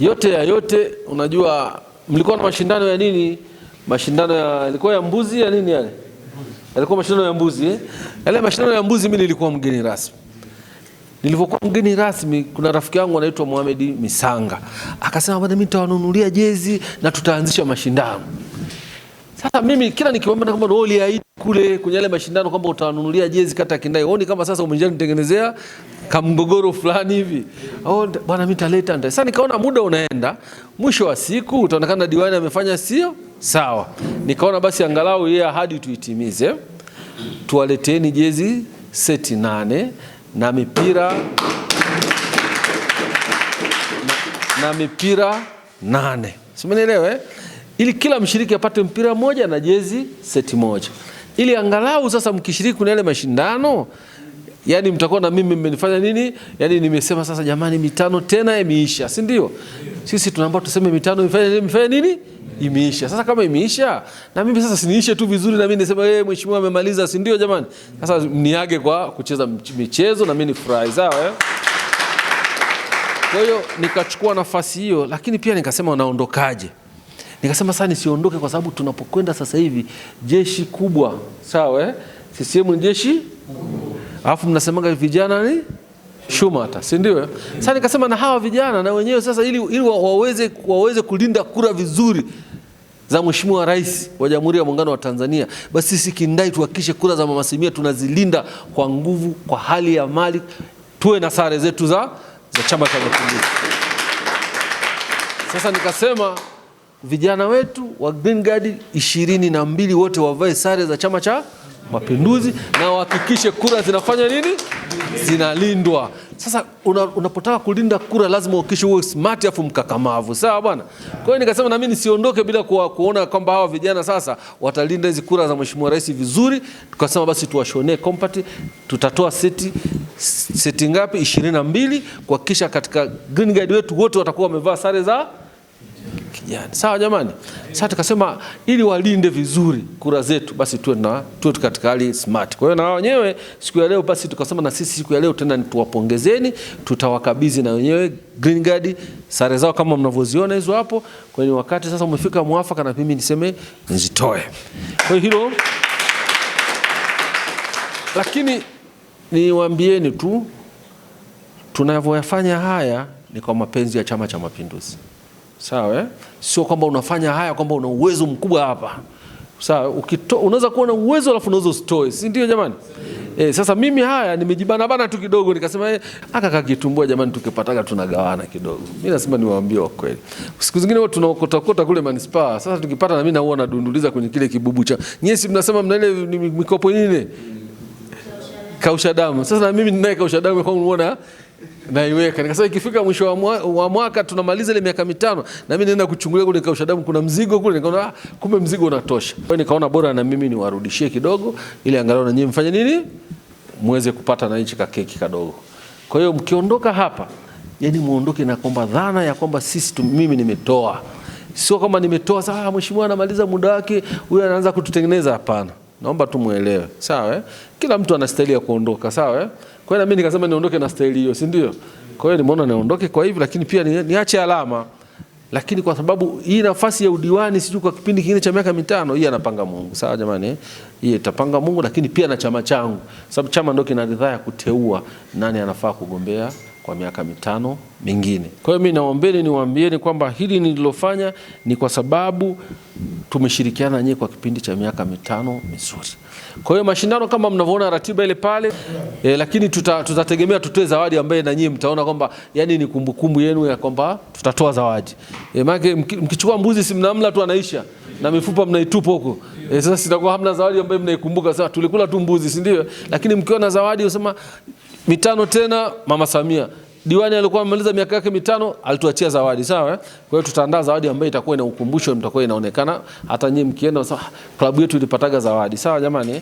yote ya yote, unajua mlikuwa na mashindano ya nini? Mashindano ya ilikuwa ya mbuzi ya nini yale? Yalikuwa mashindano ya mbuzi eh? Yale mashindano ya mbuzi, mimi nilikuwa mgeni rasmi. Nilivyokuwa mgeni rasmi, kuna rafiki yangu anaitwa Mohamed Misanga akasema, bwana, mimi nitawanunulia jezi na tutaanzisha mashindano. Sasa mimi kila nikiwaambia kwamba wewe uliahidi kule kwenye yale mashindano kwamba utawanunulia jezi kata kindai, uone kama sasa umejaribu nitengenezea kamgogoro fulani hivi oh, bwana mimi nitaleta ndio. Sasa nikaona muda unaenda, mwisho wa siku utaonekana diwani amefanya sio sawa. Nikaona basi angalau yeye ahadi tuitimize, tuwaleteni jezi seti nane na mipira na, na mipira nane, simenielewe eh? ili kila mshiriki apate mpira mmoja na jezi seti moja, ili angalau sasa mkishiriki kuna ile mashindano yani mtakuwa na mimi mmenifanya nini? Yani nimesema sasa jamani, mitano tena imeisha, si ndio? Sisi tunaomba tuseme mitano imefanya nini? imefanya nini? Imeisha. Sasa kama imeisha, na mimi sasa siniishe tu vizuri, na mimi nisema yeye eh, mheshimiwa amemaliza, si ndio? Jamani, sasa mniage kwa kucheza michezo na mimi ni furahi, sawa eh? Kwa hiyo nikachukua nafasi hiyo, lakini pia nikasema naondokaje? Nikasema sasa nisiondoke, kwa sababu tunapokwenda sasa hivi jeshi kubwa, sawa eh? Sisi ni jeshi kubwa alafu mnasemaga vijana ni shumata, si ndio? Sasa nikasema na hawa vijana na wenyewe sasa, ili, ili waweze, waweze kulinda kura vizuri za Mheshimiwa Rais wa Jamhuri ya Muungano wa Tanzania, basi sisi kindai tuhakikishe kura za Mama Samia tunazilinda kwa nguvu, kwa hali ya mali, tuwe na sare zetu za, za Chama cha Mapinduzi. Sasa nikasema vijana wetu wa Green Guard ishirini na mbili wote wavae sare za Chama cha Mapinduzi na wahakikishe kura zinafanya nini, zinalindwa. Sasa una, unapotaka kulinda kura lazima uhakikishe uwe smart afu mkakamavu, sawa bwana. Kwa hiyo nikasema nami nisiondoke bila kuwa, kuona kwamba hawa vijana sasa watalinda hizi kura za mheshimiwa rais vizuri. Tukasema basi tuwashonee kompati, tutatoa seti seti ngapi? ishirini na mbili kuhakikisha katika Green Guard wetu wote watakuwa wamevaa sare za kijani. Sawa jamani, sasa tukasema ili walinde vizuri kura zetu, basi tuwe na tuwe katika hali smart. Kwa hiyo na wenyewe siku ya leo basi tukasema na sisi siku ya leo tena tuwapongezeni, tutawakabidhi na wenyewe green guard sare zao kama mnavyoziona hizo hapo. Kwa hiyo wakati sasa umefika mwafaka, na mimi niseme nzitoe Kwa hiyo hilo lakini niwaambieni tu tunavyoyafanya haya ni kwa mapenzi ya Chama cha Mapinduzi sawa eh? Sio kwamba unafanya haya kwamba una uwezo mkubwa hapa, sawa. Unaweza kuwa na uwezo alafu unaweza usitoe, si ndio jamani? E, sasa mimi haya nimejibana bana tu kidogo nikasema eh, aka kakitumbua jamani, tukipataga tunagawana kidogo. Mimi nasema niwaambie wa kweli, siku zingine watu tunaokotakota kule manispaa. Sasa tukipata na mimi na huwa nadunduliza kwenye kile kibubu cha nyesi, mnasema mna ile mikopo nini, kausha damu. Sasa na mimi ninaye kausha damu, kwa kuona naiweka nikasema, ikifika mwisho wa, mwaka tunamaliza ile miaka mitano, na mimi naenda kuchungulia kule nikausha damu, kuna mzigo kule. Nikaona ah, kumbe mzigo unatosha. Kwa hiyo nikaona bora na mimi niwarudishie kidogo, ili angalau na nyinyi mfanye nini, muweze kupata na nchi kakeki kadogo. Kwa hiyo mkiondoka hapa, yani muondoke na kwamba dhana ya kwamba sisi, tu, mimi nimetoa, sio kama nimetoa sasa, ah, mheshimiwa anamaliza muda wake, huyo anaanza kututengeneza. Hapana naomba tu muelewe, sawa eh? Kila mtu ana staili ya kuondoka, sawa eh? Kwa hiyo mimi nikasema niondoke na staili hiyo, si ndio? Kwa hiyo nimeona niondoke kwa hivi, lakini pia niache ni alama, lakini kwa sababu hii nafasi ya udiwani sijui kwa kipindi kingine cha miaka mitano, hii anapanga Mungu, sawa jamani eh? Hii itapanga Mungu, lakini pia na chama changu, sababu chama ndio kina ridhaa ya kuteua nani anafaa kugombea kwa miaka mitano mingine. Kwa hiyo mimi naombeni, niwaambieni kwamba hili nililofanya ni kwa sababu tumeshirikiana nyie kwa kipindi cha miaka mitano mizuri. Kwa hiyo mashindano kama mnavyoona ratiba ile pale e, lakini tuta, tutategemea tutoe zawadi ambaye na nyie mtaona kwamba yani ni kumbukumbu yenu ya kwamba tutatoa zawadi e, eh, maana mkichukua mbuzi simnamla tu anaisha na mifupa mnaitupa huko e, sasa sitakuwa hamna zawadi ambaye mnaikumbuka. Sasa tulikula tu mbuzi, si ndio? Lakini mkiona zawadi usema mitano tena Mama Samia diwani alikuwa amemaliza miaka yake mitano, alituachia zawadi sawa. Eh? Kwa hiyo tutaandaa zawadi ambayo itakuwa ina ukumbusho, mtakuwa inaonekana hata nyinyi mkienda, klabu yetu ilipataga zawadi sawa. Jamani, eh?